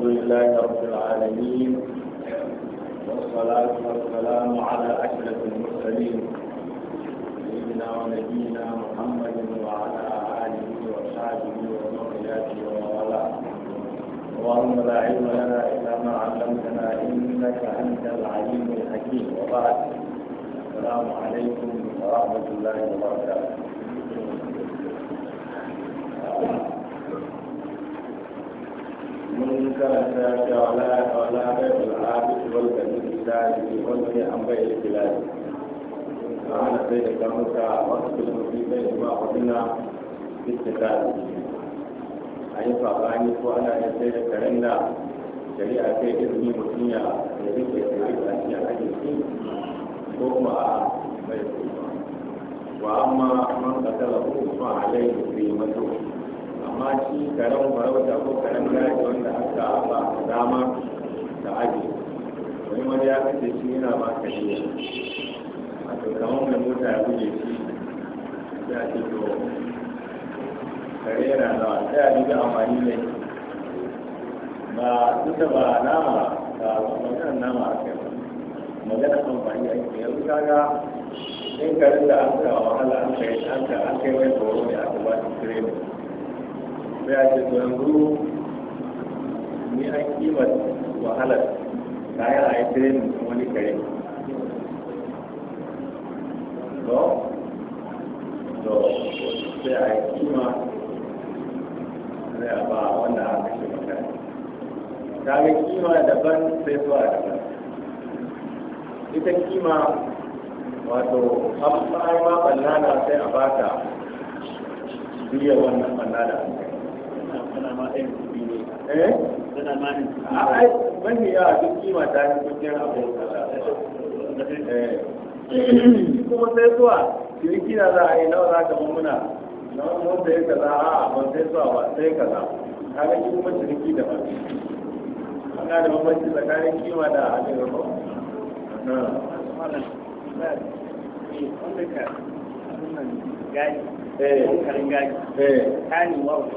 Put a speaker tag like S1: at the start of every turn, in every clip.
S1: الحمد لله رب العالمين والصلاة والسلام على أشرف المرسلين سيدنا ونبينا محمد وعلى آله وصحبه ومن والاه اللهم لا علم لنا إلا ما علمتنا إنك أنت العليم الحكيم وبعد السلام عليكم ورحمة الله وبركاته karanta shi wala wala bai wal abid wal kadir ilahi wannan ne an bai ilahi ana sai da kamuka wasu mutum bai kuma wadina istikali a yi fafani ko ana yin sai da karen da shari'a kai izini mutum ya rike ya rike a cikin ajinsu ko kuma a bai kuma wa amma man kasala ko kuma alaihi bi mutum amma shi karen farauta ko karen daji wanda aka ba dama da aji wani wani ya kace shi yana ba ka shi a to kamar mai mota ya guje shi ya ce to kare yana zawa sai a duka amfani ne ba duka ba nama ba maganar nama a kai maganar amfani a kai yanzu kaga in karin da an kawo wahala an kai kai wani horo ne aka ba shi training sai a ce yanzu ni an kima wahalar yi a yi tirenin wani kare to to sai a yi kima sai a ba wanda aka ce makare ta ga kima daban sai zuwa daban ita kima wato an ba ma ballada sai a bata biya wannan ballada matsayin kuɗi ne eh? a ah, eh. kuma sai zuwa ciniki na za a yi nawa za ka mummuna na wani wanda ya kaza a ban sai zuwa ba sai kaza ka ga kuma ciniki da ba an ga da bambanci tsakanin kima da abin rufa wanda ka gaji eh. karin gaji tani wa wata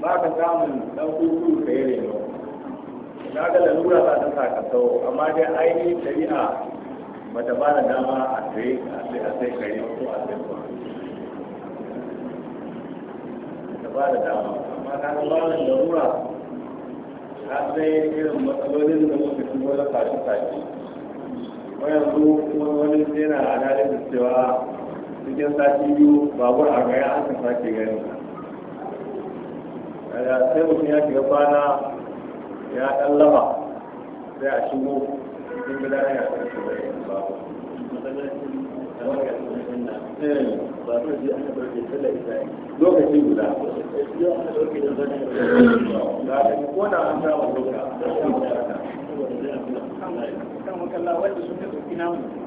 S1: ba ka samun ɗan kuku da ya reno na ga lalura za ta sa sau amma dai ainihin shari'a ba ta ba da dama a sai a sai kare ko a sai ba ta ba da dama amma ka ga ba da lalura ka sai irin matsalolin da muka shigo na sashi-sashi yanzu kuma wani yana analysis cewa cikin sati biyu babur a gaya an ka sake gani sai mutum ya shiga kwana ya ɗan sai a shigo cikin gida ya kashe da yin ba guda ko da an kan wanda namu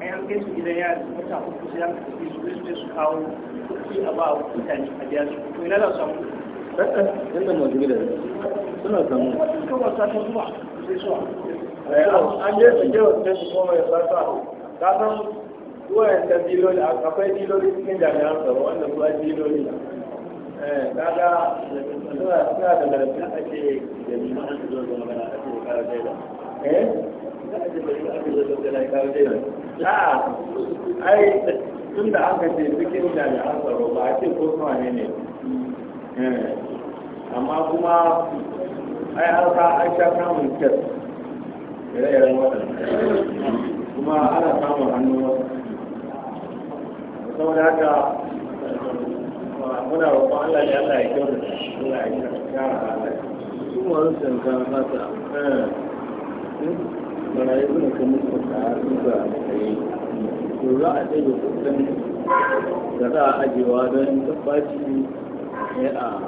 S1: a yan kai su gidan yari su mata uku tafi su su kawo a ba mutane a biya su ina za su samu yadda masu samu an su su ya sata ka san ta diloli akwai diloli cikin jami'an tsaro wanda diloli kaga suna suna da ake zo da magana ake kara eh bari ake zo da magana kara a'a ai tun da aka ce cikin jami'an tsaro ba a ce ko kuma ne ne Eh, amma kuma ai hausa ai ta samun kyar ire-iren waɗanda kuma ana samun hannu wasu saboda haka muna roƙon Allah ya Allah ya kyauta Allah ya kyauta Allah su ma eh. su tanka fata bara yi suna kan musu da su ga kai to za a ɗaya kuɗin da za a ajewa don tabbaci yana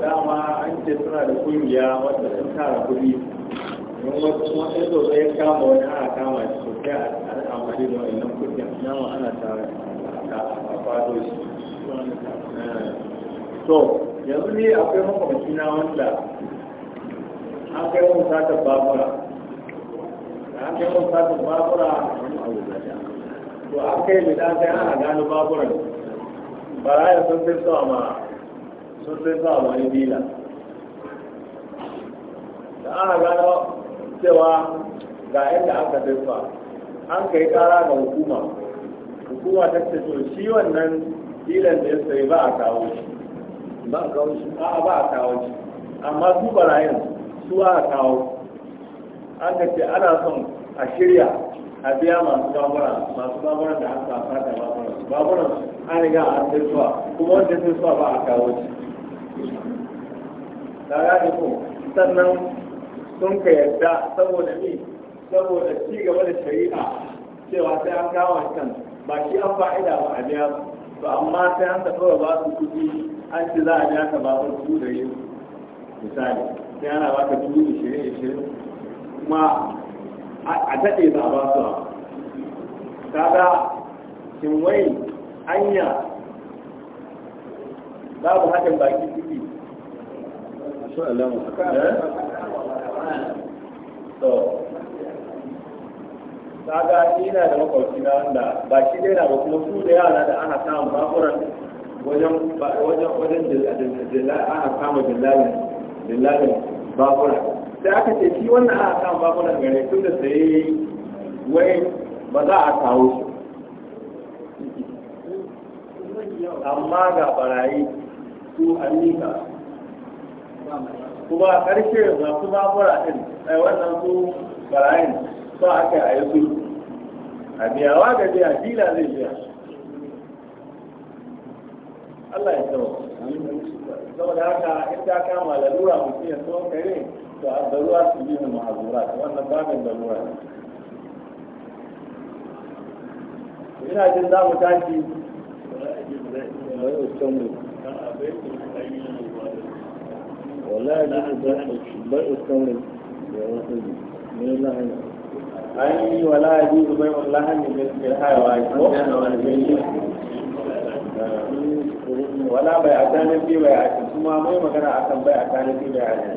S1: dama an ce suna da kungiya wadda sun tara kuɗi don wasu kuma sai zo kama wani ana kama shi sosai a da amfani da wannan kuɗin nama ana tara a fado shi eh. to yanzu ne akwai makwamci na wanda an kai wani satar babura an kai wani satar babura to an kai da ta sai ana gano baburan baraya sun fi so ma sun fi so ma wani bila da aka gano cewa ga inda aka fi so an kai kara ga hukuma hukuma ta ce to shi wannan bilan da ya sai ba a kawo shi ba a kawo shi a ba a kawo shi amma su barayin su a kawo an ka ce ana son a shirya a biya masu babura masu babura da aka fata babura babura su an riga a sai kuma wanda sai suwa ba a kawo shi da ga ko sannan sun ka yarda saboda ni saboda ci gaba da shari'a cewa sai an kawo can ba shi an fa'ida ba a biya to amma sai an tafi ba su kuɗi an ci za a biya ka ba su da yin misali sai ana ba ka dubu ishirin ishirin kuma a daɗe za a ba su kaga kin wai anya babu haɗin baki ciki insha Allah mu to kaga ina da makwabci na wanda ba shi dai na ba kuma su da yara da ana samun bakuran wajen wajen wajen ana kama dillalin dillalin bakura sai aka ce shi wannan ana samun bakuran gare tun da sai wai ba za a kawo shi amma ga barayi su amina kuma karshe masu babura ɗin ai wannan su barayin ba aka a yi a biyawa ga biya dila zai biya Allah ya tsawo saboda haka in ta kama lalura mutum ya tsawo kare to a darura su yi mu ma'azura wannan babin ne. ina jin za mu tashi ولا يجوز بيع التمر أي ولا يجوز بيع اللحم بالحيوان ولا بيعتان في بيعتان ثم ما مكان أكن بيعتان في بيعتان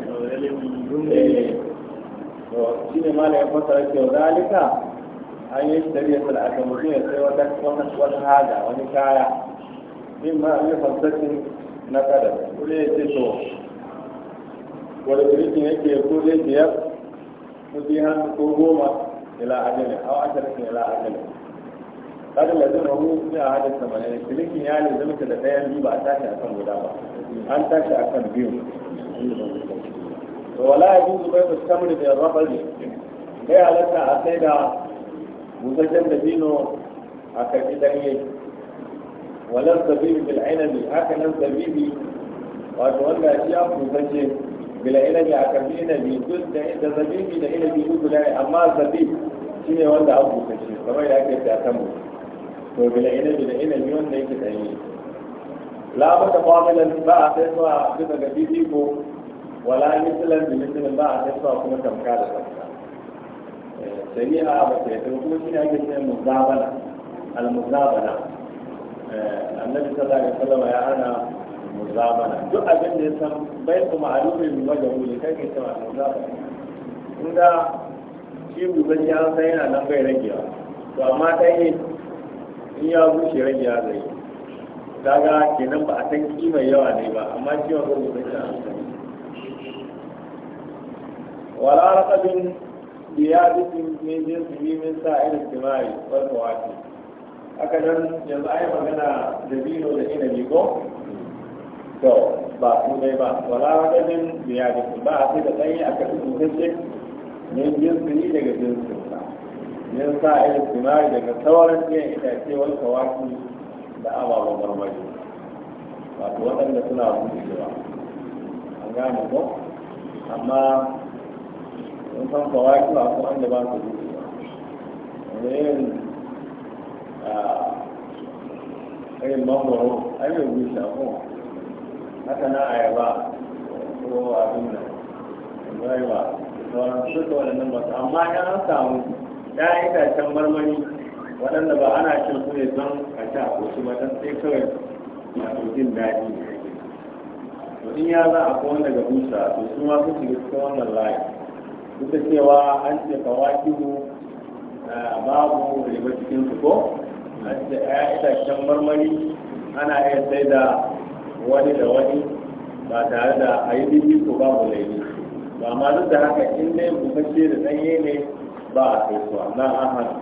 S1: شيء ما لا يفسر ذلك أن يشتري في الأكل مثل وتكون وتهذا ونكاية mimma yi fassakin na kada kule ya ce to wani birikin yake ko zai biyar ko biyu ko goma ila ajalin a ashirin ila ajalin kada da zama hu sai a hadin sama ne filikin ya ne zama da ɗayan biyu ba a tashi kan guda ba an tashi kan biyu to wala ya biyu bai su kamar da rabar ne bai halatta a sai da busasshen da bino a karɓi ɗanye ولم تبيب بالعنب حكنا تبيبي قد ولا اشياء مفجر بلا الى يا كبينا دي جزء انت تبيبي لا الى بيجوز لا اما تبيب شنو ولا ابو فجر طبعا يا كيف تعتمد وبلا الى بلا الى اليوم ليس تعيين لا متقابلا باع تسوى عبد الجديدي بو ولا مثلا بمثل باع تسوى كما كان قال سريعة بس يتوقف شنو هي المزابلة المزابلة آه، annabi sallallahu alaihi wasallam ya ana muzabana duk abin da ya san bai kuma ma'arufin wajen ne kai kai sama muzabana inda shi gudan ya san yana nan bai ragewa to amma ta yi in ya bushe ragewa zai daga kenan ba a san mai yawa ne ba amma shi wa gudan ya san wala raqabin biyadisin min jinsi min sa'ir istimai wal mawaqi haka nan yanzu ai magana da bino da inabi ko to ba su ne ba wala wajen biya da ba a sai da ɗanyi a kasu tutacce ne jinsi daga jinsin sa yin sa a yi sinari daga sauran ɗiyan itace wani kawaki da ababen marmari wato waɗanda suna buɗewa an gane ko amma sun san kawaki masu wanda ba su buɗewa ba. irin ah, eh, mangoro an yi wuce ko haka na ayaba ko abin nan rayuwa sauran su da waɗannan ba amma ɗan an samu yi itacen marmari waɗanda ba ana cin su ne don a ci a koshi ba don sai kawai masu jin daɗi to in ya za a kowane daga busa to su ma sun shiga cikin wannan layi duk da cewa an ce kawaki eh, babu riba cikin su ko da ya marmari ana iya sai da wani da wani ba tare da a yi bibi ko ba mu laifi ba ma duk da haka in dai bukace da ɗanye ne ba a kai su nan an hana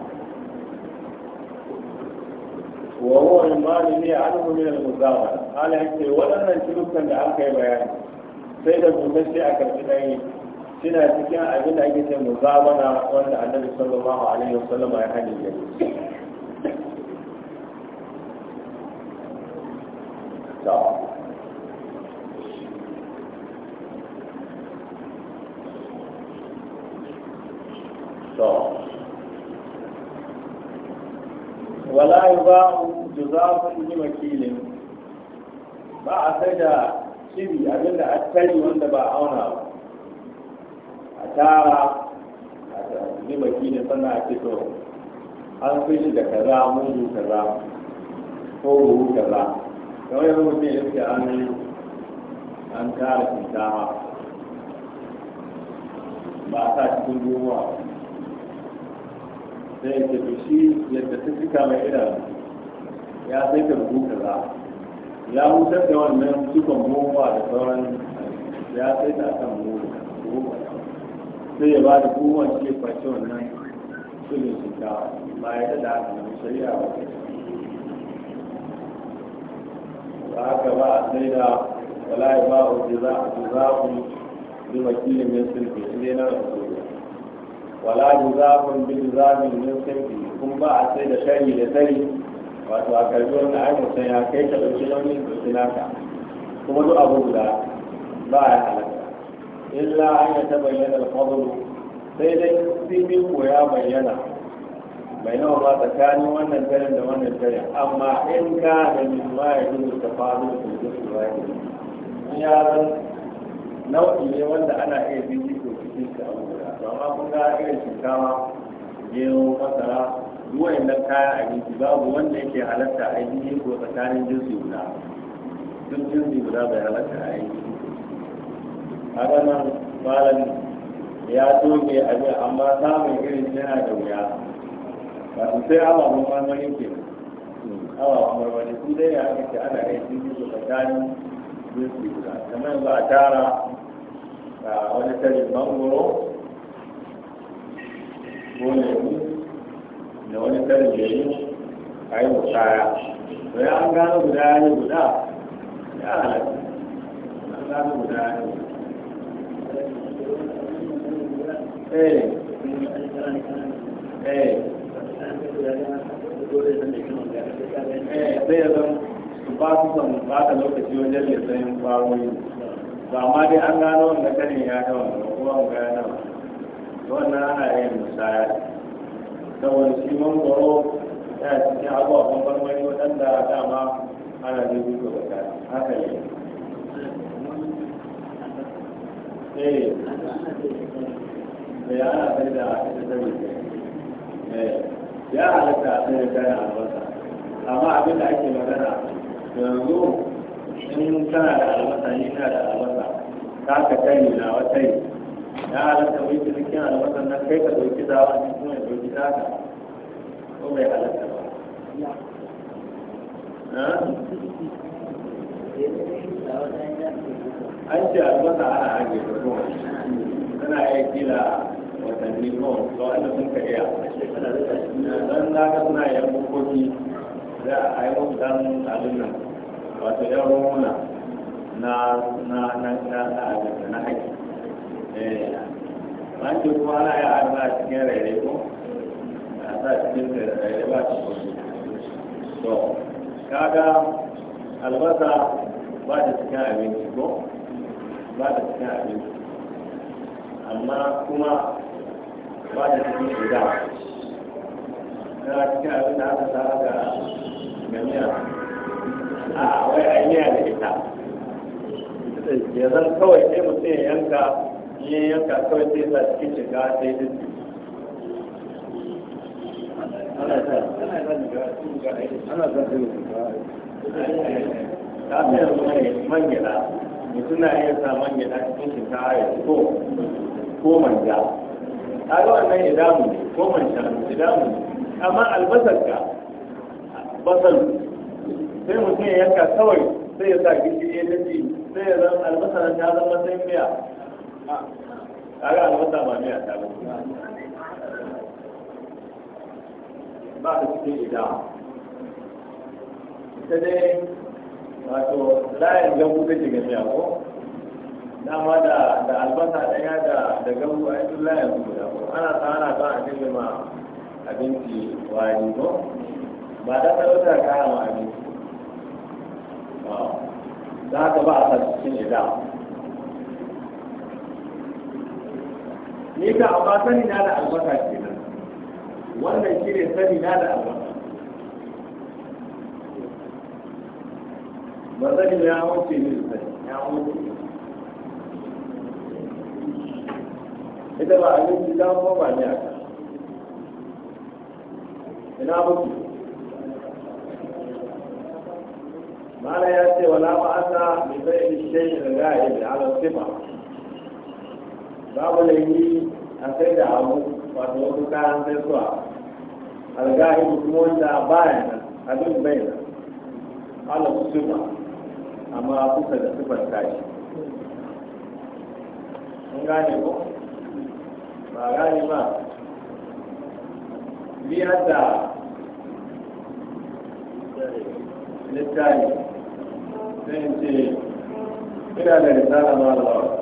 S1: wa huwa imani ne an hu min al-muzawara ala yake waɗannan cirukan da aka yi bayani sai da bukace a karɓi ɗanye suna cikin abin da ake ce muzawara wanda annabi sallallahu alaihi wasallam ya hadi gari jaza'u jaza'u ibn ba a sai da shiri abinda a tari wanda ba auna ba a tara a ji wakilin sannan a fito an fi shi da kaza mudu kaza ko buhu kaza kamar yanzu mutum ya fi an an tara kintawa ba a sa cikin ruwa sai ya tafi shi yadda ta fika mai idanu ya sai ka rubu kaza ya hutar da wannan cikon mowa da sauran ya sai ta kan mowa sai ya ba da kowa shi ya kwace wannan sulin shinkawa ba ya da haka na shari'a ba ba haka ba a sai da wala ya ba a jiza a jiza ku bi wakilin min sulfi inda yana da sulfi wala jiza ku bi jiza min sulfi kun ba a sai da shari da sari wato a karbi wanda a yi ya kai ta ɗauki nauyin ɗauki naka kuma duk abu guda ba ya halaka illa an yi ta bayyana alfadlu sai dai sun ko ya bayyana mai nawa ba tsakanin wannan tare da wannan tare amma in ka da mimma ya gudu ta faru da kuma da in ya zan nau'i ne wanda ana iya ko cikin shi a guda ba amma kun ga irin shinkawa gero masara wayannan kayan abinci babu wanda yake halatta a yi ko tsakanin jinsi guda duk jinsi guda bai halatta a yi haka nan malam ya a abin amma samun irin yana da wuya su sai ababen marmari ke ababen marmari su dai ya ake ana yin jinsi ko tsakanin jinsi guda kamar ba a tara wani tarin mangoro ko lemu da wani karin da a yi musaya bai an gano guda ya yi guda ya halatta an gano guda ya yi guda eh. eh eh sai ya zan ba su san ba ta lokaci wajen ya kwawoyi ba ma dai an gano wanda ya wanda kuma ga wannan ana yin musaya da wani mangoro yana cikin abubuwan marmari waɗanda dama ana da yi da ta haka ne eh da eh, ana sai da ita ta eh ya halatta a sai da kayan albasa amma abin da ake magana yanzu in kana da albasa ni kana da albasa ka ka kai na wata yi ya halatta mai cikin albasan nan kai ka ɗauki zawon ne kuma ya ɗauki zaka ko bai halatta ba an ce albasa ana ajiye da kuma tana iya kila watanni ko ga wanda sun ka iya don za ka suna yan bukoki za a yi musu abin nan wato yan rumuna na na na na na na Eh, an ce kuma ana yi arna a cikin raire ko a sa cikin raire ba ta kwasu to kaga albasa ba ta cikin abinci ko ba ta cikin abinci amma kuma ba ta cikin guda na cikin abin da aka tsara ga gamiya a ah, wai a miya da ita ya zan kawai sai mutum ya yanka ya yanka kawai sai sa cikin shiga sai ta ce ana ta ana ta ana ta ta sayar mai man gyaɗa mutum iya sa man gyaɗa cikin shiga ya ko ko manja kaga wannan idamu ne ko manja idamu ne amma albasar ka basar sai mutum ya yanka kawai sai ya sa gishiri ya tafi sai ya zama albasar ta zama sai miya kaga a wata ba ne a tabi ba ka cikin ida ita dai wato layin gabu ta shiga miya ko dama da da albasa ɗaya da da gabu a yanzu layin guda ko ana ta ana ta a cikin ma abinci wani ko ba da ta wata kaya ma abinci ba haka ba a sa cikin ida ni ka amma sani na da albasa ke nan wannan shi ne sani na da albasa ba sani ya wuce ne sani ya wuce ita ba abinci ta kuma ba ne aka ina mutu mala ya ce wala ma'asa mai bayan shayin da ya yi da ala sifa babu da yi a sai da abu wato wasu kayan sai suwa algahi kuma wanda baya nan abin bai nan ala sufa amma kusa da sufar tashi an gane ko ba gane ba biyar da littafi zai ce ina da risala ma da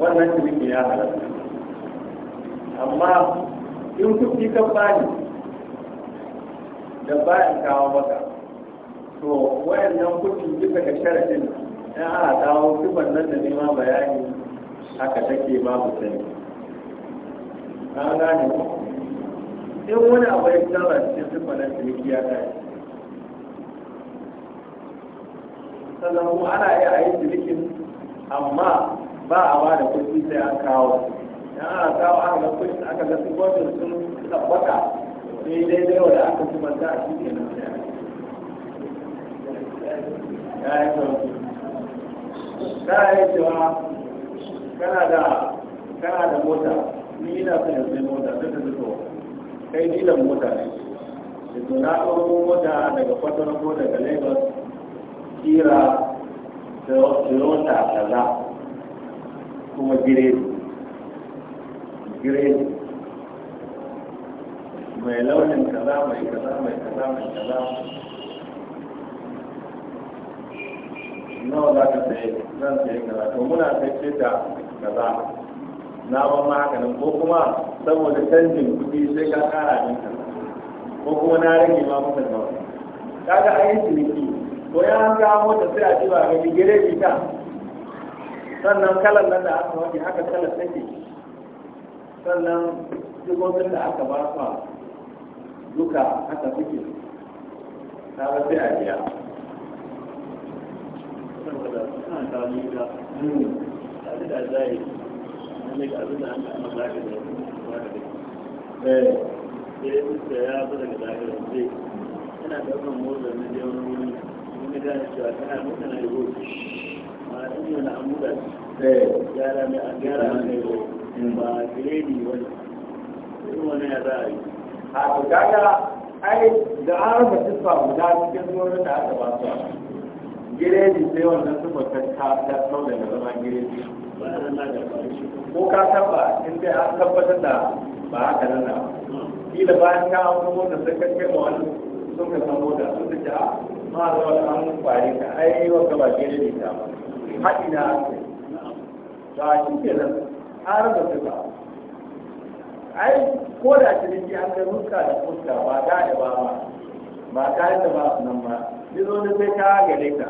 S1: wannan ciniki ya halatta amma in kuɗi ka bani da bayan kawo maka to wayannan kuɗi bisa ga sharadin ya ana kawo sifar nan da nema bayani haka take mu sani an gane ko in wani abu ya tsara cikin sifar nan ciniki ya kai sannan kuma ana iya a yi cinikin amma ba a ba da kuɗi sai an kawo ya ana kawo aka ga kuɗi aka ga sifofin sun tabbata sai dai daidai wanda aka ci manta a shi kenan ya yi sauki ta yi cewa kana da kana da mota ni ina son yanzu mota sai da so kai dilan mota ne da na ɗauko mota daga kwatar ko daga lagos kira toyota kaza kuma giredi giredi mai launin kaza mai kaza mai kaza mai kaza nawa za ka sai zan sai kaza to muna sai ta kaza na ban ma haka nan ko kuma saboda canjin kuɗi sai ka kara ɗin kaza ko kuma na rage ma maka nawa kaga ayyukan ciniki to ya an ga mota sai a diba ga gire ta sannan kalan nan da aka waje haka kalan take sannan jikokin da aka ba su duka haka suke ta ba sai a biya saboda suna kawo da abin da zai ne abin da an kama zaka da eh sai ya zo daga zaka da zai yana da wannan motsa na jewa wani ta gane cewa tana mutane da gobe ma'ana ɗin yana amuda gyara mai a gyara mai ba giredi wani irin wani ya za a yi a to kaga ai da an raba siffa guda cikin zuwa da aka ba su giredi sai wannan siffa ta ta ta sau daga zama giredi ko ka taba in dai an tabbatar da ba haka nan na kila bayan ka an kuma da sai ka kai ma wani sun ka san mota sun da ja'a ma ga wani an kwari ka ai wa gaba ke ne ta ba haɗi na ake ba shi ke nan har da su ba ai ko da shi ciniki an ga muska da fuska ba da da ba ma ba kayan da ba su nan ba ni zo ni sai ka gare ka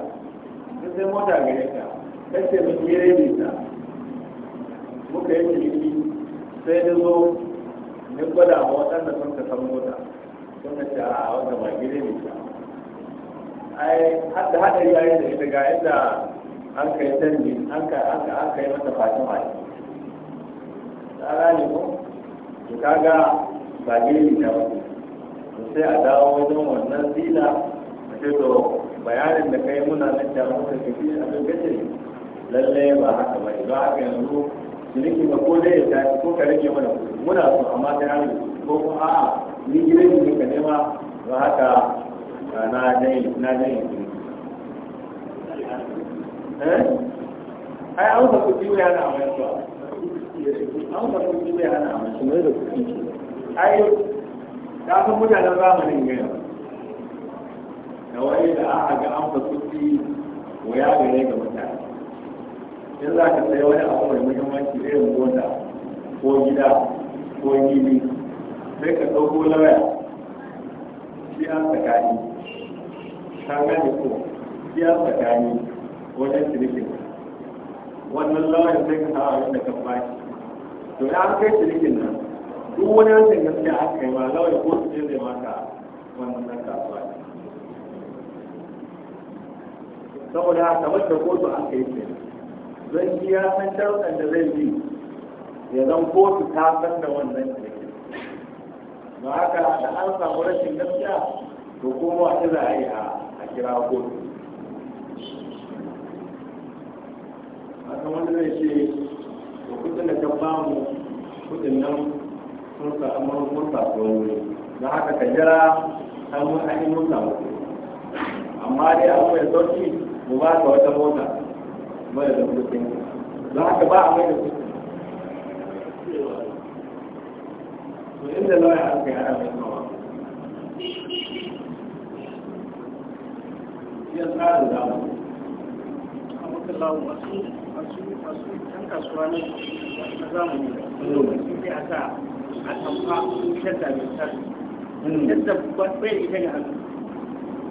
S1: ni sai mota gare ka kace mun yi ne ta muka yi ciniki sai ni zo ni gwada ma waɗanda sun ka san mota sun ka ce a wanda ba gire ne ta ai hadda ya yi da ita daga yadda an kai canji an kai an kai an kai mata fatima ne ta ne ko to kaga ba gini na ba to sai a dawo wajen wannan zila a ce to bayanin da kai muna nan kyamu ka kifi a kan gace lalle ba haka ba ba haka yanzu ciniki ba ko dai ya tafi ko ka rage mana muna so amma ta hannu ko kuma a'a ni gina ne ka nema ba haka na dai na dai eh ai an ka ku biyu yana amma to an ka ku biyu yana amma to ne da kuɗi. ai ka san mutanen zamanin gaya da wani da aka ga an fa kuɗi waya gare ga mutane in za ka sai wani abu mai muhimmanci irin gona ko gida ko gini sai ka ɗauko lawaya shi an tsakani ta gane ko ya tsakani wajen cinikin wannan lawan sai ka sa abin da ka baki to ya an kai cinikin nan duk wani hancin gaskiya aka kai ma lawan ko su je zai maka wannan nan kasuwa saboda kamar da kotu an kai ce don shi ya san sharuɗan da zai yi ya zan kotu ta san da wannan cinikin ba haka da an samu rashin gaskiya to kuma wata za a yi a kira hudu a kan wani zai ce da kudin da ka bamu kudin nan sun samu mun samu wuri na haka ka jira an mun an yi mun samu amma dai an mai sauki mu ba ka wata mota mai da kudin don haka ba a mai da kudin to inda lauya an kai ana mai cikin tsarin zamani abdullahi masu masu masu yan kasuwa ne na zamani sun ce a sa a tamfa shadda mai tsari hmm. shadda bai ita ga hannu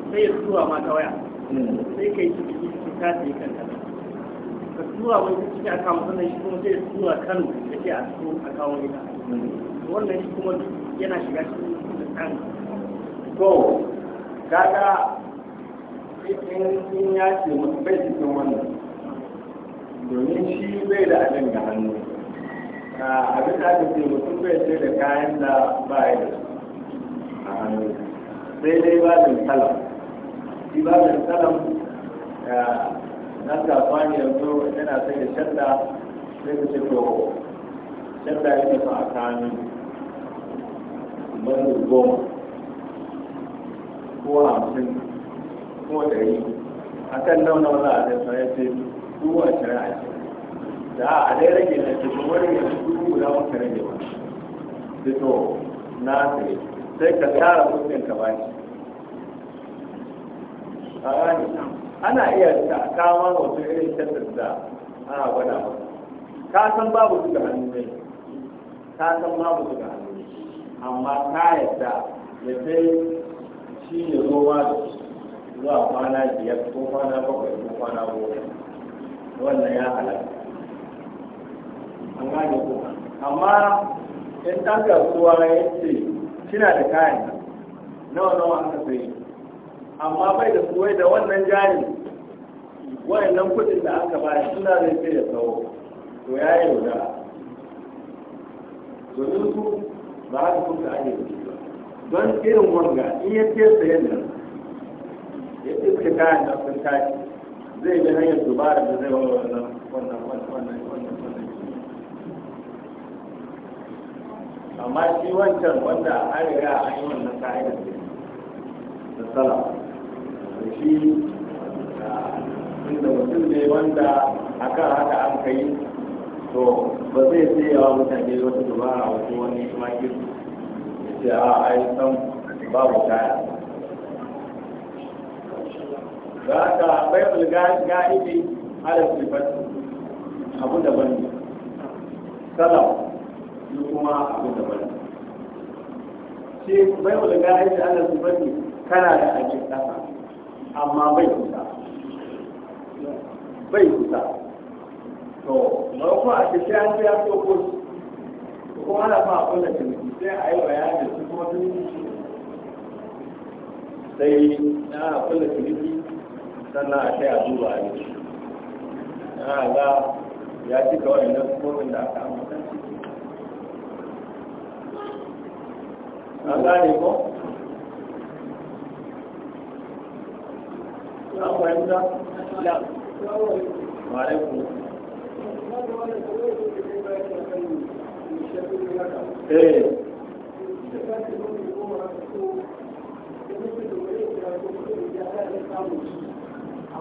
S1: sai ya zuwa mata waya hmm. sai ka yi ciki ciki ta yi kan ka zuwa wani ciki a kama sannan shi kuma sai ya zuwa kano da ke a su a kawo ita hmm. wannan shi kuma yana shiga cikin tsarin to kaga in ya ce mutu bai cikin wannan domin shi bai da abin da hannu abin da aka ce mutum bai ce da kayan da ba ya da a hannu sai dai ba da salam shi ba da salam na kasuwa ne yanzu yana sai da shadda sai ka ce to shadda yake son a kanu ban goma ko hamsin ko ɗari a kan nan na wani adasa ya ce dubu a ashirin da a dai rage na ce kuma rage na su guda muka rage ba da to na sai sai ka tara kuɗin ka bani a gani ana iya ta kama wasu irin tattar da ana gwada ba ka san babu su ga hannu ne ka san babu su ga hannu amma ka yadda ya sai shi ne zo ma da su zuwa kwana biyar ko kwana bakwai ko kwana goma wannan ya halatta an gane ko amma in ɗan kasuwa ya ce kina da kayan nawa nawa aka yi amma bai da suwai da wannan jari wayannan kudin da aka bayar suna zai fi da tsawo to ya yi yaudara domin su ba haka kuka ake don irin wanga in ya ce sayan ya iska kayan da sun kashi zai bi hanyar dubara da zai wani wannan wannan wannan wannan amma shi wancan wanda an riga an yi wannan ka'idar da sala da shi inda mutum ne wanda a kan haka an kai to ba zai tsayawa mutane wata dubara wasu wani makir ya ce a ai san babu kaya za ka bai ulga'ibi ala sifat abu daban ne salam ni kuma abu daban ne shi bai ulga'ibi ala sifat kana da ake kasa amma bai kusa bai kusa to maimakon a cikin an ce ya ko kuma ana fa a kulla ciniki sai a yi bayani su kuma sun sai na kulla ciniki sannan a kai a duba a na ga ya cika waɗannan sufofin da aka ambata an gane ko an fahimta la ma'alaikun eh Thank you.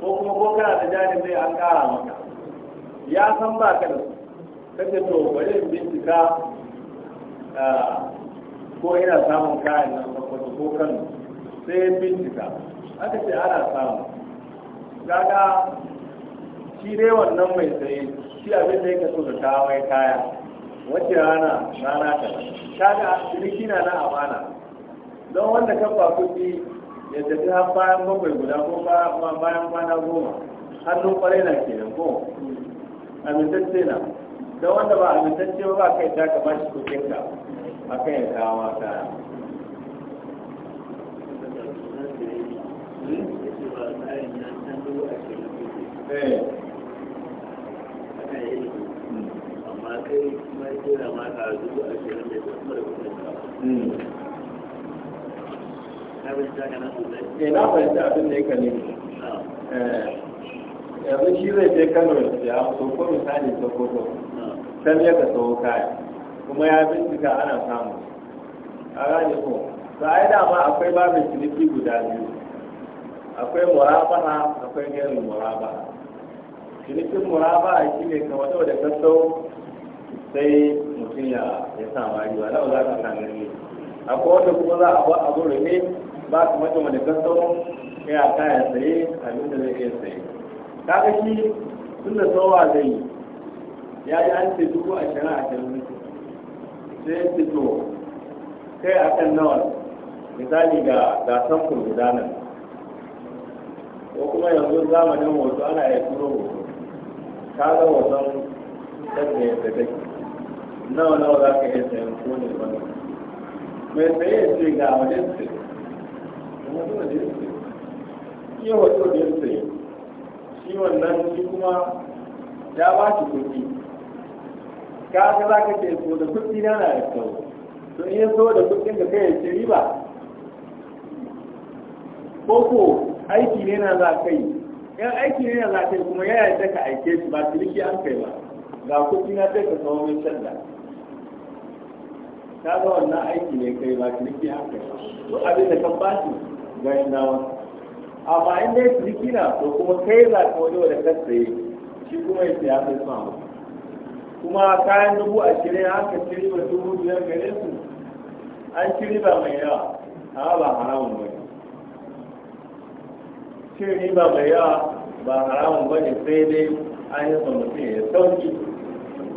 S1: ko kuma ko kana da jari sai an kara maka ya san ba ka da su kace to bari in bincika ko ina samun kayan nan ba ko kan sai bincika aka ce ana samu kaga shi dai wannan mai sai shi abin da yake so da tawai kaya wacce rana rana ta kaga shi na na amana don wanda kan ba kuɗi ya tafi har bayan guda ko bayan kwana goma kwarai na ko amintacce na wanda ba amintacce ba kai ta ka ba shi ka kai kuma ya a eh. hmm. da kuma da eh na fahimta abin da yake ne eh, yanzu shi zai je kano ya so ko misali ta kogo ah. can ya ka sau kai kuma ya bincika ana samu a gane ko to ai dama akwai babin ciniki guda biyu akwai murabaha akwai gerin murabaha cinikin murabaha shi ne kamar da ka sau sai mutum ya sa mariwa nawa za ka kan gani akwai wanda kuma za a ba abu rufe ba su mata wani gasawa ya kaya saye abin da zai iya saye kaga shi tun da tsawa zai yi ya yi an ce a ashirin ashirin sai ya ce to kai akan nawa misali ga gasan ku gudanar ko kuma yanzu zamanin hoto ana ya turo hoto ka ga hoton sanda ya da take nawa nawa za ka iya sayan ko ne ba mai saye ya ce ga wajen iya wato da ya sayi shi wannan shi kuma ya ba shi kuɗi ka ga za ka ce so da kuɗi na na da kyau to in ya so da kuɗin da kai ya ci riba ko ko aiki ne na za ka yi yan aiki ne na za ka yi kuma ya yarda ka aike shi ba ciniki an kai ba ga kuɗi na sai ka kawo mai shadda ka ga wannan aiki ne kai ba ciniki an kai ba to abin da kan ba shi ganin A amma in dai su jikina, to kuma kai za ka wani wanda ka yi. shi kuma ya siya sai sa mu kuma kayan dubu ashirin an ka ciri ba dubu biyar gare su an ciri ba mai yawa amma ba haramun ba ne ciri ba mai yawa ba haramun ba ne sai dai an yi sa mutum ya sauki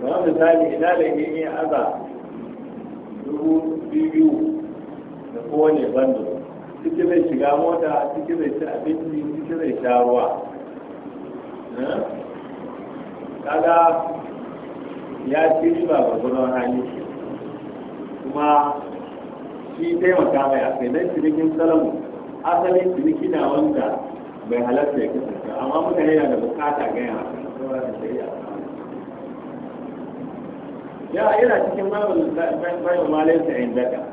S1: kamar misali ina da ne aza dubu biyu da kowane bando ciki zai shiga mota ciki zai ci abinci ciki zai sha ruwa kaga ya ci riba ga gudun hali kuma shi taimaka mai a kai nan cinikin salamu asalin ciniki na wanda bai halatta ya kasance amma mutane yana da bukata ga yana ya yana cikin bayan sa'in daga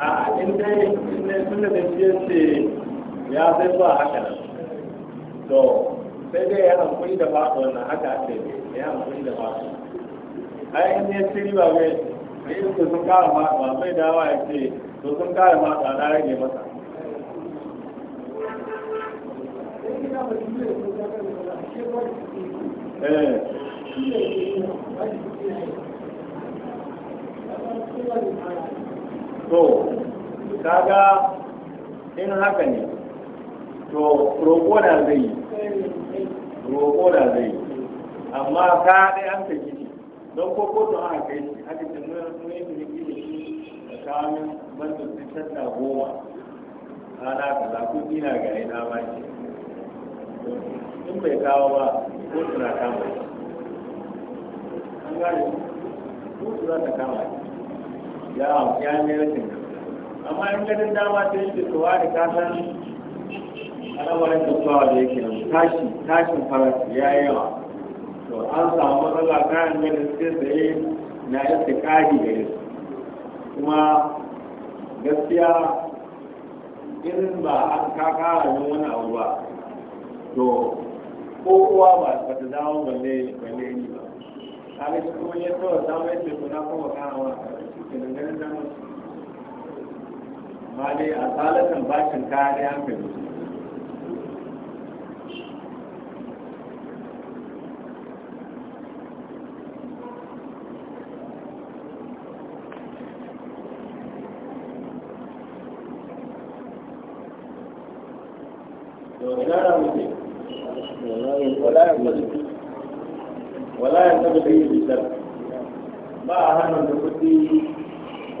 S1: a inda inda sun da gaske ce ya zai zuwa haka nan to sai dai ya hankuli da faɗo wannan haka ake ya hankuli da faɗo ai in ya ci ba mai sai su sun kara faɗo sai dawa ya ce to sun kara faɗo na rage masa eh to kaga in haka ne to roƙo da zai yi roƙo da zai yi amma ka dai an ka gidi don ko ko don aka kai shi haka ce mun yi ciniki da shi da kamun banda su tatta goma ana ka za ku gina ga ina ma ce in bai kawo ba ko suna kama shi an gane ko suna ta kama shi ya ya ne rashin amma in ka ganin dama ta yi fitowa da kasan alamarin tattawa da yake nan tashi tashin farashi ya yi yawa to an samu matsala kayan ganin sai tsaye na yadda kaji da yadda kuma gaskiya irin ba an kakara ne wani abu ba to ko uwa ba ba ta dawo balle balle ni ba kaga shi kuma ya tawa samun yadda kuna kuma kana wani da ganin damar ma dai a tsalatan bashin kare hankali ولا ينتبه به بالذنب ما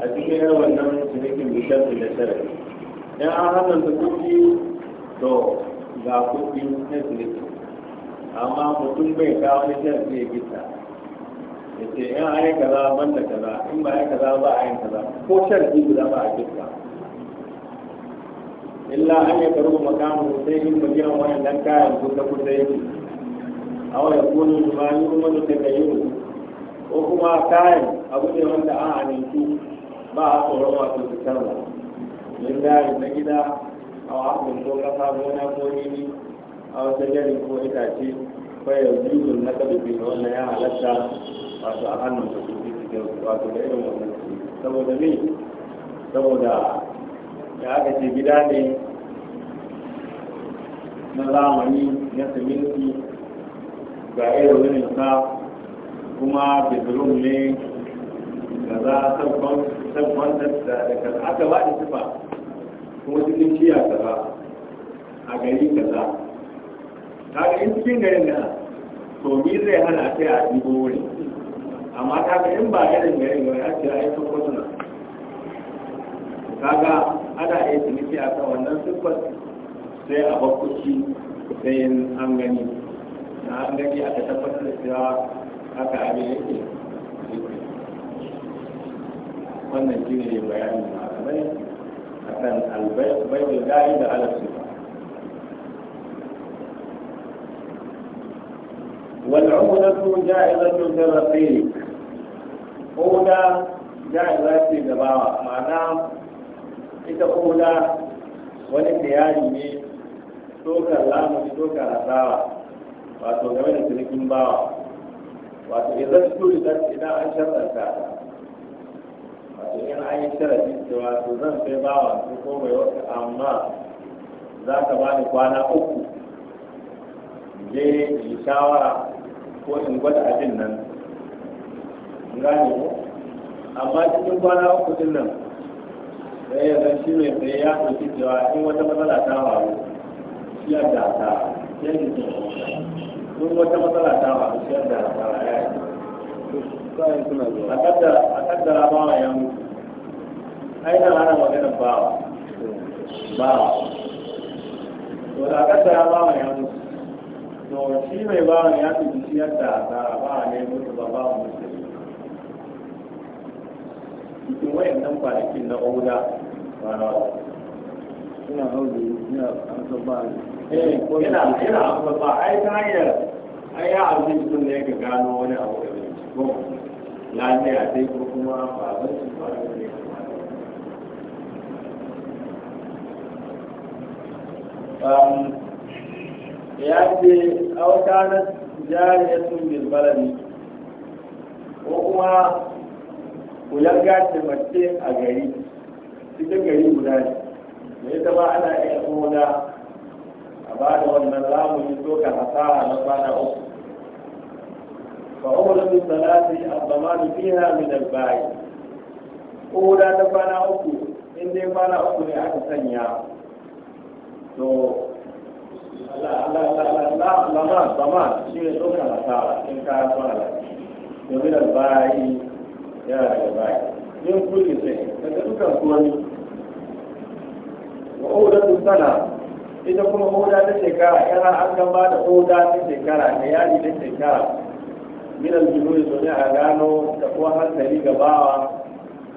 S1: a cikin yan wannan cinikin bishar da sharafi dan an da kuɗi to ga kuɗi na cinikin amma mutum bai kawo wani sharafi ya gita ya ce yan an kaza ban da kaza in ba yi kaza ba a kaza ko sharafi guda ba a gita illa an yi karu makamu sai yin mutum wani dan kayan kusa kusa yi a wani kunin zuma yi kuma da ta kayi ko kuma kayan abu ne wanda an su ba a tsoron wato fitar da min dari na gida a wakon ko kasa gona ko nini a wata jari ko itace ko ya juzun na kadubi da wannan ya halatta wato a hannun da kuɗi cikin wato da irin wannan saboda ne saboda ya aka ce gida ne na zamani na siminti ga irin sa kuma bedroom ne da za a sabon kan wannan da kan aka ba da sifa kuma cikin ciya kaza a gari za, kaza kaga in cikin garin na to ni zai hana a sai a ɗibo wuri amma kaga in ba garin garin garin ya ce a yi na, tukwasu kaga ana yi ciniki a kan wannan siffar sai a bakuci sai an gani na an gani aka tabbatar da cewa haka abin yake أتمنى يجيني لي بيان من عالمين البيت بيت القاعدة على الصفة والعملة جائزة للرقيق أولى جائزة للدبارة معناه إذا أولى ولكياني مي توكا لامو توكا لسارة واتو جميلة لكم باوة واتو إذا شو إذا إذا أنشطت كاتا wato in an yi sharafi cewa to zan sai bawa su ko mai wata amma za ka ba ni kwana uku je yi shawara ko in gwada abin nan gane amma cikin kwana uku din nan sai ya zan shi mai sai ya ɗauki cewa in wata matsala ta faru shi ya da ta yanki in wata matsala ta faru shi ya da ta ya yi a kaddara bawa ya mutu ai nan ana maganar bawa bawa to da kasa ya bawa ya mutu to shi mai bawa ya tuji shi yadda asara ba a ne mutu ba bawa mutu cikin wayannan kwanakin na oda kwana ina haudu ina amsar ba eh ina ina amsar ba ai ta hanyar ai ya abin mutum da yake gano wani abu da bai ko lafiya sai ko kuma ba zai ba Um, ya ce na aukanar jariyatun bilbalani ko kuma kulanga ce mace a gari cikin gari guda ne da ita ba ana iya tsoda a ba da wannan yi doka hasara na kwana uku fa umratu salati az-zamanu fiha min al-ba'i ko da ta kwana uku in dai kwana uku ne aka sanya to lamar zama shi ne tsoka na tawa in ka zuwa da domin da bayi yana daga bayi yin kulli sai daga dukkan kowani wa oda sana ita kuma oda ta shekara yana an gaba da oda ta shekara da yari ta shekara minal su ne a gano da kuma hankali gabawa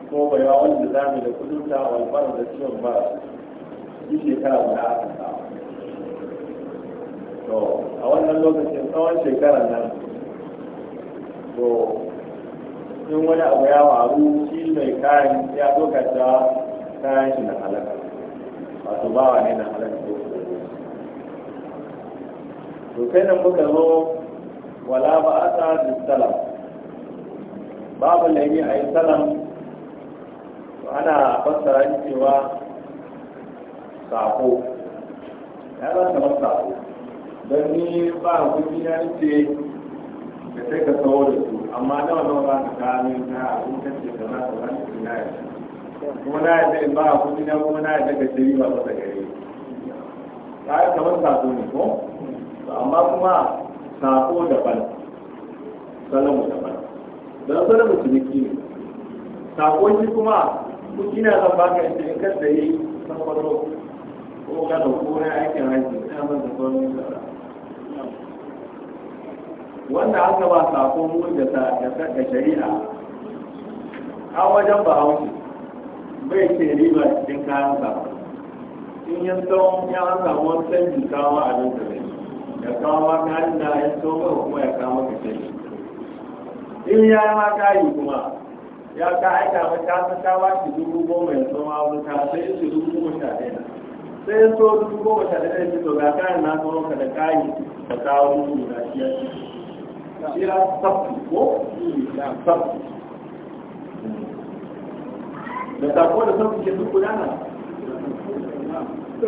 S1: ko bayawan da zami da wani walbar da ciwon ba a wannan lokacin tsawon shekarar nan to in wani abu ya faru shi mai kayan ya dokata kayan shi na halaka wato bawa ne na halaka ko to kai nan muka zo wala ba a ta da salam babu laifi a yi salam ana fassara cewa sako ya za ta masa sako don ni ba a kuɗi na ce da sai ka sawo da su amma nawa nawa ba ka kamin na abin ce da za wani zan na yadda kuma na ya zai ba a kuɗi na kuma na ya daga shiri ba ta gare ta yi kamar sako ne ko amma kuma sako daban salamu daban don salamu ciniki ne sako shi kuma kuɗi na zan baka yi shirin kan da yi san kwallo ko ka dauko na aikin haji ta manta sauran da wanda aka ba sakon hujja ta da shari'a a wajen bahaushe bai ce riba cikin kayan sa in ya tsawon ya an samu wani canji kawo abin da ya kawo ma kayan da ya tsawon kuma ya kawo maka canji in ya yi ma kayi kuma ya ka aika ba ta ta ta ba shi dubu goma ya tsawon abu ta sai shi dubu goma sha ɗaya sai ya so duk goma sha ɗaya ya to ga kayan na tsoro ka da kayi da kawo musu da shi ya ce shi ya sabbi ko ya sabbi da sako da ke duk gudana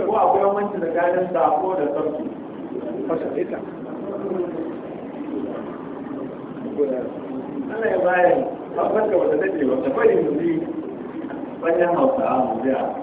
S1: ko akwai wancan da kayan sako da sabbi Allah ya bayan, ba ka wata dace ba, ta kwari mu bi wajen hausawa mu biya.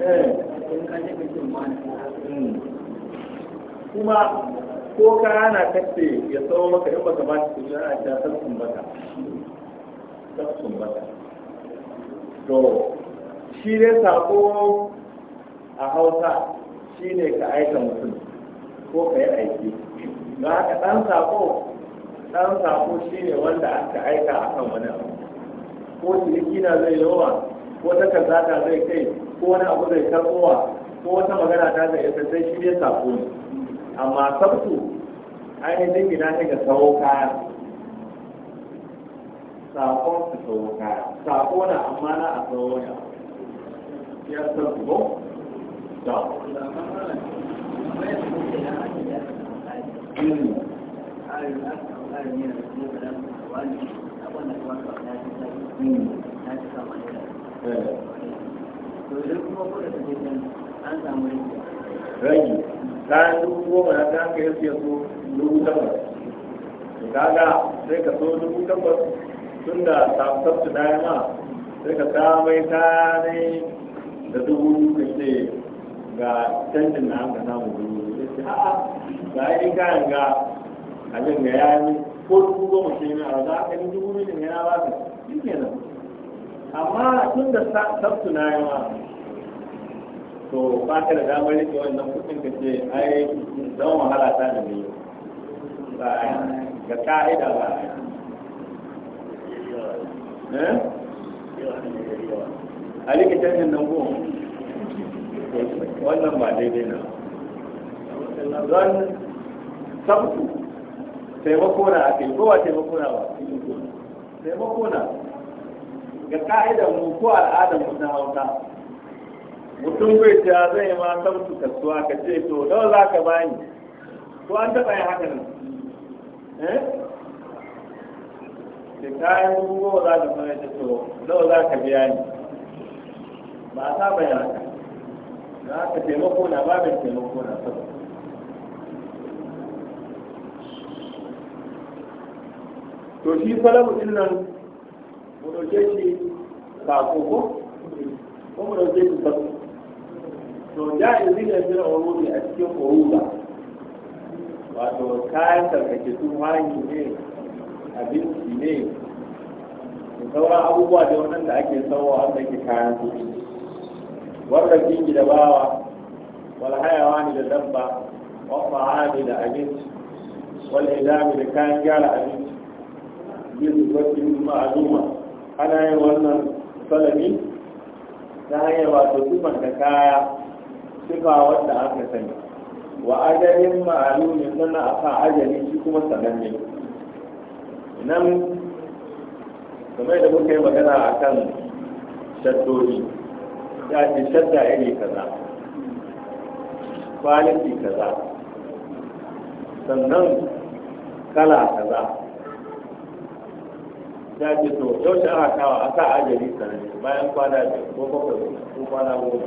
S1: Eh, kuma ko ka rana kace ya tsawo maka yin baka ba su kuɗi ana cewa sassun baka sassun baka to shi ne sako a hausa shi ne ka aika mutum ko ka yi aiki ba haka ɗan sako ɗan sako shi ne wanda aka aika a kan wani abu ko ciniki na zai yi yawa ko wata kaza ta zai kai ko wani abu zai karbowa ko wata magana ta zai isa sai shi ne sako ne amma sabtu ainihin gina ne ga sawo kaya sako su sawo kaya sako na amma na a sawo ya ya sabtu ko da Mm. Hmm. rage kayan dubu goma na ta kai fiye so dubu takwas kaga sai ka so dubu takwas tun da samu da ma sai ka samai ta da dubu ka ce ga canjin na an ka samu dubu ya ce a'a ga yi kayan ga abin ga ya yi ko dubu goma shi ne a za ka yi dubu ne ya ba ka shi kenan amma tun da sabtu na ma to ba ka da damar yake wannan kuɗin ka ce ai zan wahala ta da ne ba ga ka'ida ba a eh? rike canjin nan ko wannan ba daidai na don sabtu taimako na a kai kowa taimako na ba taimako na ga ka'idar mu ko al'adar mu na hauta mutum bai ce ah, zai ma kamsu kasuwa ka ce to nawa za ka bani ko an taɓa yin haka nan eh da kayan gugu za ka fara da to nawa za ka biya ni ba a saba yin haka da ka taimako na babin taimako na saba to shi salamu din nan ɗauke shi sako ko zai mu ɗauke shi sako to ja'izi ne fil urudi a cikin ba, wato kayan tarkace sun hanyi ne abinci ne da sauran abubuwa da wannan da ake sauwa wanda ke kayan su wanda kingi da bawa wal ne da dabba wal ma'ani da abinci wal idami da kayan gyara abinci bisu wasu ma'azuma ana yin wannan salami ta hanyar wato sifar da kaya sifa wanda aka sani wa ajalin ma'alumi sannan a kan ajali shi kuma sananne nan kamar da muka yi magana a kan shaddori ya ce shadda iri kaza kwaliti kaza sannan kala kaza ya ce to yau shi aka kawo a sa ajali sanani bayan kwana biyar ko bakwai ko kwana goma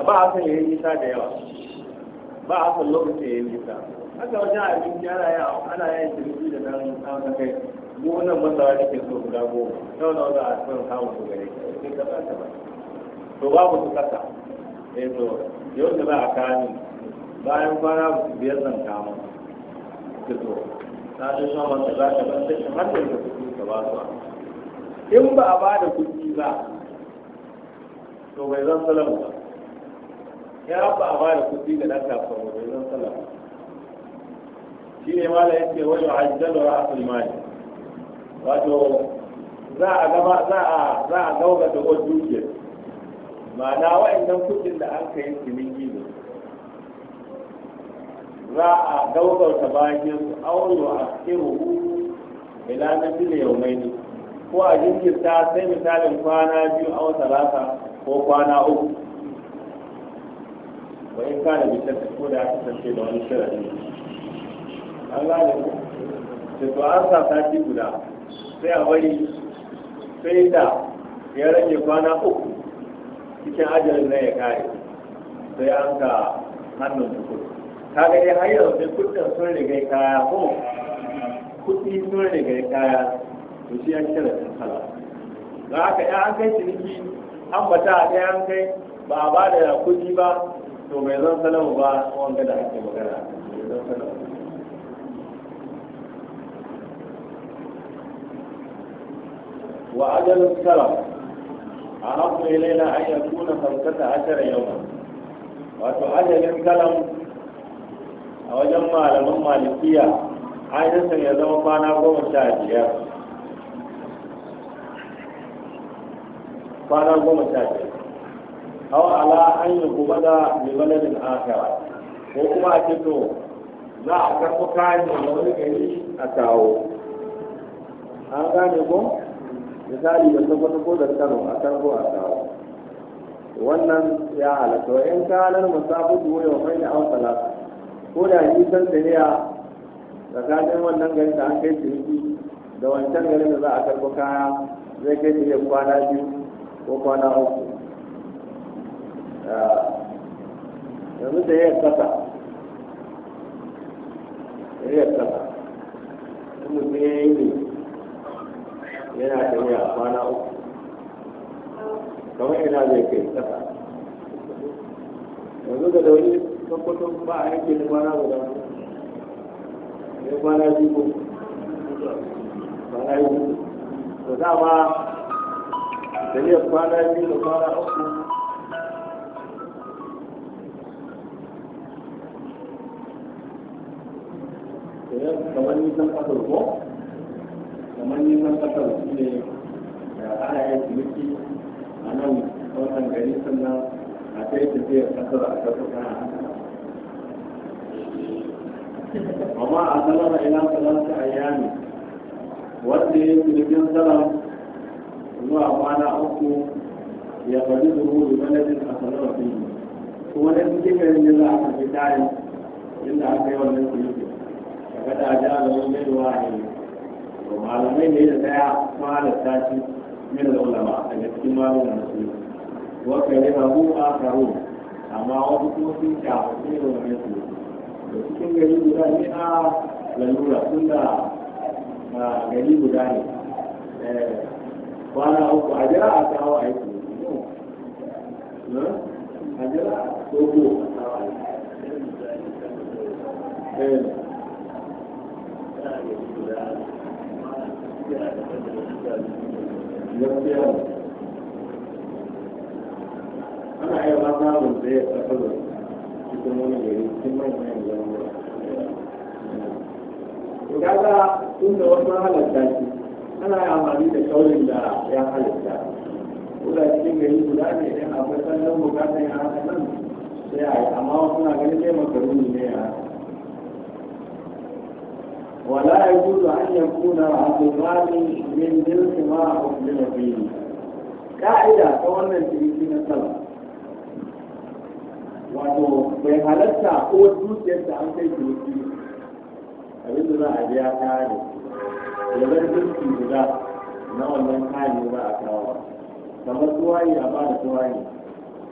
S1: a ba a san yayin nisa da yawa ba a san lokacin yayin nisa haka wajen abinci gyara yawa ana yin jirgi da nan an ka kai wannan masara da ke so guda goma yau na wata a son samun su gare ka sai ka ba ta ba to babu su kasa eh to yau da ba a kawo bayan kwana biyar zan kama ki so na da sha za ka ban tashin har da kuɗi ka ba su in ba a ba da kuɗi ba to bai zan salam ba ya ba a ba da kuɗi ga ɗan kasuwa ba bai zan salam shi ne mala ya ce wani hajjal wa asul mali wato za a gama za a za a gaugata wajen dukiyar ma'ana wa'annan kuɗin da an kai su ne za a ta bakin su auro a hu ila na fili yau mai ne ko a jinkirta sai misalin kwana biyu a talata ko kwana uku wa in kana bi ta ko da aka tace da wani ne Allah ne ku to an sa sati guda sai a bari sai da ya rage kwana uku cikin ajalin na ya kare sai an ka hannun tukuru ka ga dai har yanzu kudin sun riga kaya ko kudi sun riga kaya to shi an kira kala da aka ya an kai ciniki an bata a ɗaya an kai ba a ba da kudi ba to mai zan salamu ba wanga da ake magana zan wa ajalin salam a hankali na an yakuna hamsata ashara yawa wato ajalin salam a wajen malaman malikiya ainihin ya zama kwana goma sha biyar kwana goma sha biyar hau ala an yi kuma da libaladin akara ko kuma a ce to za a karɓi kayan da wani gari a kawo an gane ko misali da kwata ko da kano a karɓo a kawo wannan ya halatta wa in kanar musafir duwaye wa mai da an salatu ko da nisan tafiya tsakanin wannan gari da an kai ciniki da wancan garin da za a karɓi kaya zai kai tafiya kwana biyu ko kwana uku ah, yanzu da yayin kasa yayin kasa kuma ya yi ne yana a kwana uku kamar ina zai kai kasa yanzu da dauri sokoto ba a yake da kwana guda ya kwana biyu kwana biyu to dama da iya kwana biyu da kwana uku kamar nisan kasar ko kamar nisan kasar shi ne da ana yin ciniki a nan wannan gari sannan a kai tafiyar kasar a kasar kana amma a salara ina salata ayyami wanda ya yi cikin salam zuwa kwana uku ya bari zuru da manajin a salara fiye kuma da cikin garin da za a kafi tayin inda aka yi wannan sulhu daga da ajiyar da wani mai ruwa yi to malamai ne da daya mahalarta shi min da ulama a daga cikin malamin musulmi wa kare rabu a karo amma wasu kuma sun shafa ne da wani musulmi da cikin gari guda ne a lalura tunda gari guda ne eh, kwana uku a jira a kawo yi hmm? eh, a jira a kawo yi eh. ana ba samun zai ya cikin wani gari cikin manyan yamuwa to tun da wasu halatta shi ana amfani da kaurin da ya halatta ko da cikin gari guda ne idan akwai sannan ya haka nan sai a yi amma wasu na ganin zai ne ya wato bai halatta ko dukiyarsa an kai doki abin da za a biya kare da zan doki guda na wannan kayan za a kawo kamar tuwaye a bada tuwaye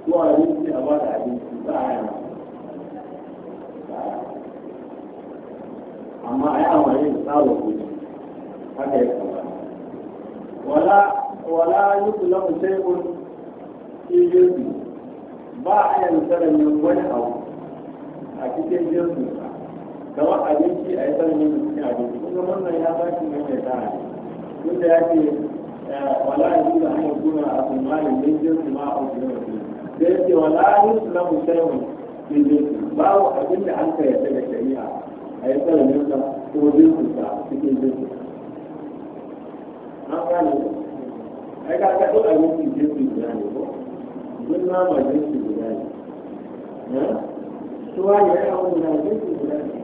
S1: ko abinci a bada abinci ba a yana amma a yi amfani da tsawon kudi haka ya kamata wala wala yusu lahu shay'un fi jinsi ba a yin salamin wani abu a cikin jinsu kamar abinci a yi salamin da cikin abinci kuma wannan ya ba shi mai mai tsara da ya ce eh, wala ya da hanyar kuna a tsammanin min jinsu ma a wajen wajen da ya ce wala yi su na musamman min jinsu babu abin da an kai daga shari'a a yi salamin sa ko jinsu sa cikin jinsu an gane ai ka ga duk abincin jinsu ne duk nama jinsi guda ne suwa ne ya kawo guda jinsi guda ne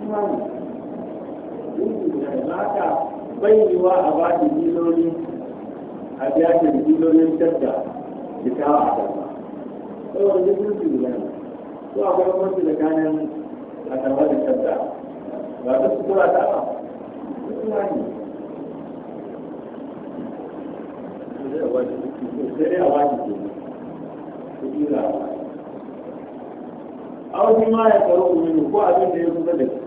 S1: suwa ne jinsi guda ne ba ka bayyewa a ba da jiloli a biya da jilolin shadda da kawo a karba saboda duk jinsi guda ne ko akwai kwanci da kanin a karba da shadda ba su sutura ta ba suwa ne Thank you. sai a ma ya karo umini ko abin da ya kusa da shi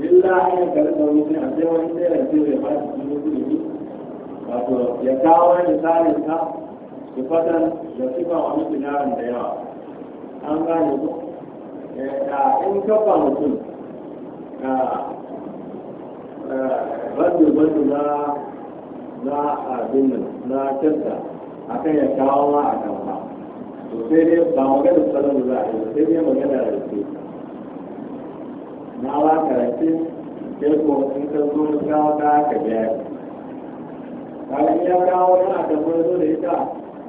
S1: illa hanyar karo da wani a sai wani sai rance bai ba shi cikin kuɗi wato ya kawo wani tsarin ka su fatan da sifa wani tunarin da yawa an gane ku da in kafa mutum na bandu bandu na na abin nan na kyanta a kan ya kawo ma a kan ba to sai dai ba magana salon za a yi sai dai magana da ke na ba ka rake sai ko in ka zo ka kawo ka ka biya ka kawai ya kawo na a kan zo da ita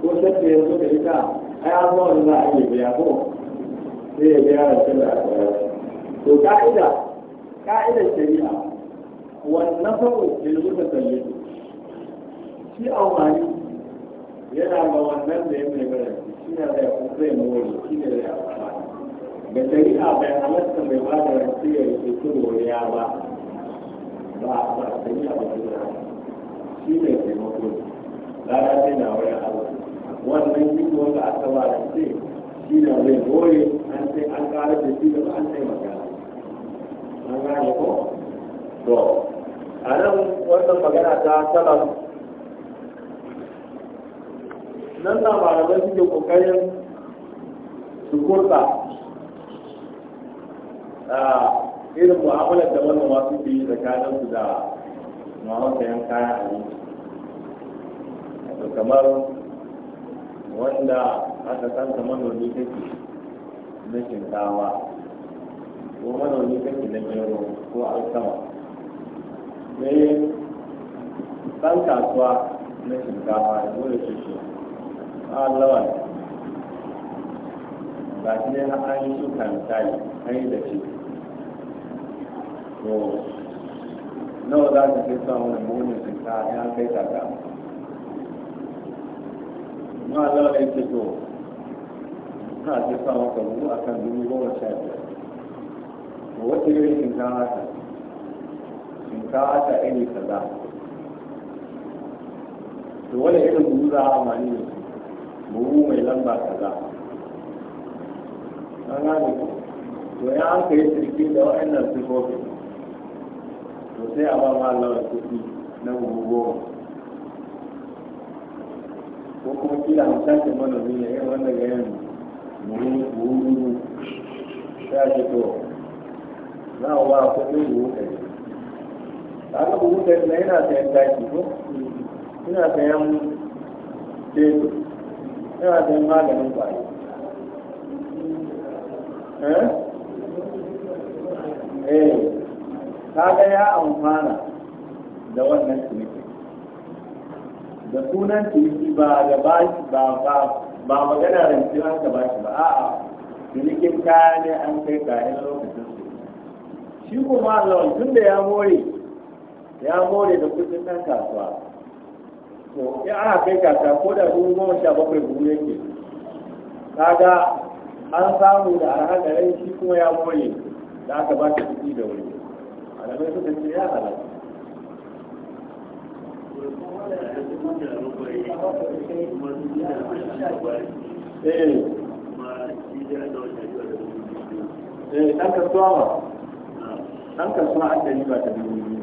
S1: ko shakka ya zo da ita ai an zo za a yi biya ko sai ya biya da da a kan to ka'ida ka'idar shari'a wannan fa'o lil mutasallimin shi amfani yana ga wannan da ya mai garanti shi na da zai mori shi ne da amfani da shari'a bai halatta mai ba da rantsi ya yi su ya ba ba a ba shari'a ba su da shi ne taimako rana sai na wani abu wannan shi wanda aka ba rantsi shi na zai mori an sai an kara da shi da an sai magana. an gane ko to a nan wannan magana ta salon nan na malamai suke kokarin su kurta irin mu'amalar da manoma suke yi tsakanin su da masu sayan kayan abinci da kamar wanda aka santa manomi kake na shinkawa ko manomi kake na gero ko alkama sai ɗan kasuwa na shinkafa da dole shi lawan ba shi ne an yi shuka misali an yi da shi to nawa za ka kai samun wani munin shinka ya kai kaka ma lawan ya ce to ka ce samun kabu a kan dubu goma sha biyar to wata irin shinka haka shinka haka iri kaza to wani irin buhu za a amfani da su buhu mai lamba za A gane ku to ya an yi sirki da wa'annan sifofi to sai a ba ma lawar kuɗi na buhu goma ko kuma kila hamsin manomi ne yin wanda ga yin buhu buhu ya ce to za a ba kuɗin buhu ɗari kaga buhu ɗari na yana sayan taki ko ina sayan teku yana da maganin kwari eh, eh. kaga ya amfana da wannan ciniki da sunan ciniki ba ga bashi ba ba ba magana da cikin haka bashi ba a'a cinikin kaya ne an kai kayan lokacin su shi kuma Allah tun da ya more ya more da kudin nan kasuwa to ana kai kaka ko da dubu goma sha bakwai yake kaga an samu da arha da shi kuma ya da aka ba da wuri alamai suka ce ya eh. Eh, ɗan kasuwa ba ɗan kasuwa an ta biyu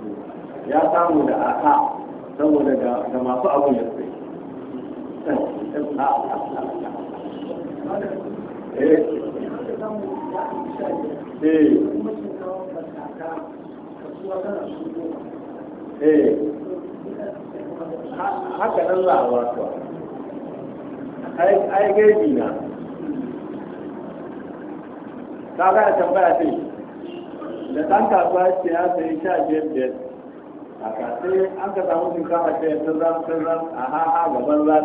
S1: ya samu da arha saboda ga masu abun ya sai eh. eh. eh. haka nan za a wasu ai gaibi na ta ga tambaya ce da ɗan kasuwa ce ya sayi sha biyar biyar haka sai an ka samu shinkafa ta yanzu za mu san zan a haha gaban za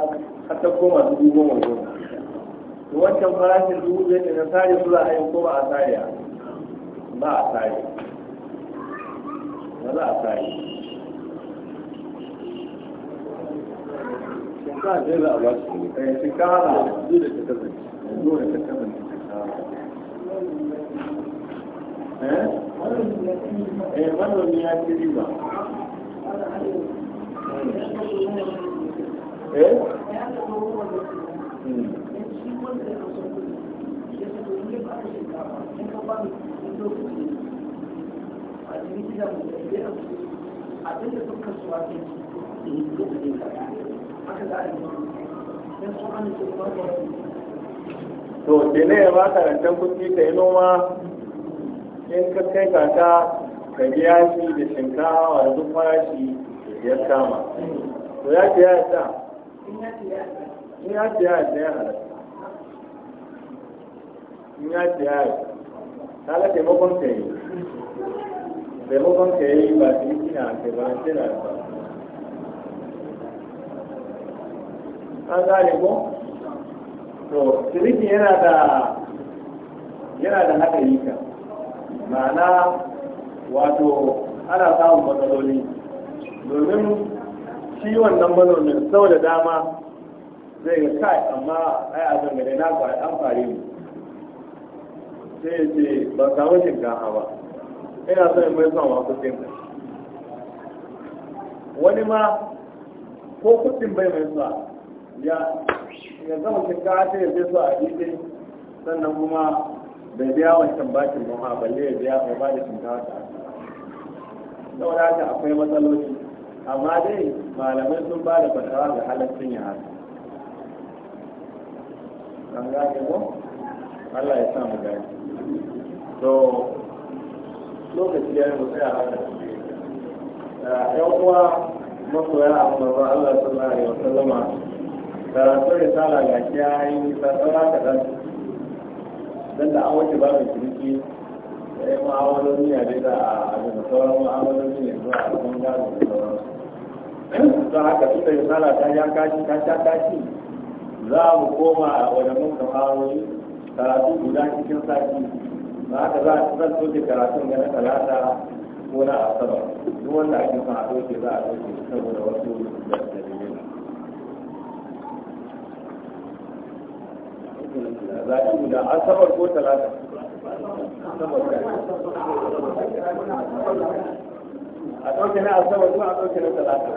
S1: ka ta koma dubu goma goma to wancan farashin dubu zai da na sare su za a yi ko a sare ba a sare ba za a sare shinkafa zai za a ba su ne eh, shinkafa na duk da ta kasance da ta kasance shinkafa eh manomi eh, ya ci riba Eh? to ne ya ba ka rancen kuɗi ka yi noma in ka kai kaka ka biya shi da shinkawa da duk farashi ya kama to ya ce ya sa in ya ce ya ta ya halatta in ya ce ya ta ga taimakon ka yi taimakon ka yi ba su yi kina kai ba ce ba gane ko to ciniki yana da yana da haɗari ka ma'ana wato ana samun matsaloli domin shi wannan manomin sau da dama zai ga kai amma ai a zangare na kwari an fari mu sai ya ce ba samu shinkafa ba ina son in mai son wa kuɗin wani ma ko kuɗin bai mai sa ya ya zama shinkafa sai ya zai so a dide sannan kuma bai biya wancan bakin ba balle ya biya mai ba da shinkafa saboda haka akwai matsaloli amma dai malamai sun ba da fatawa ga halattun ya haka an gaji ko Allah ya sa mu to lokaci ya yi mu tsaya haka yan uwa masoya a manzon Allah na sallallahu alaihi wasallama karatun risala ga kiyayi da tsara kaɗan dan da an wace babin kirki ma'amaloli ne da za a da sauran ma'amaloli ne za a kuma gano da sauransu don haka su da misala ta ya kashi ta sha kashi za mu koma a wajen mun kamawai karatu guda cikin sati ba haka za a zan soke karatun ga na talata ko na asabar duk wanda ake son a doke za a doke saboda wasu da dalilai zaɓi guda asabar ko talata a ɗauke na asabar kuma a ɗauke na talata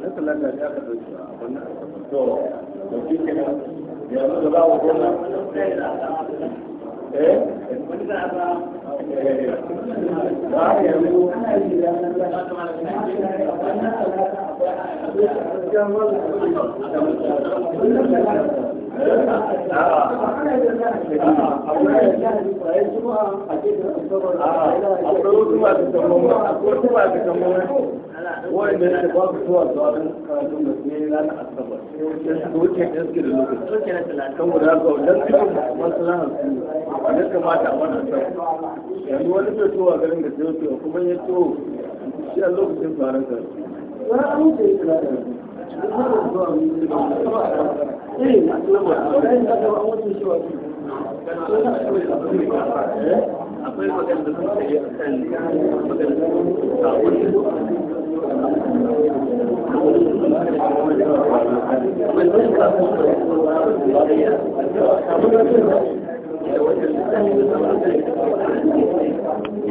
S1: na talata ya ka ɗauke a wannan to da shi ke nan yanzu da bawa gona eh ba yanzu Thank you. akwai ba da da da a wannan sabar yanzu wani da a da akwai magana da yi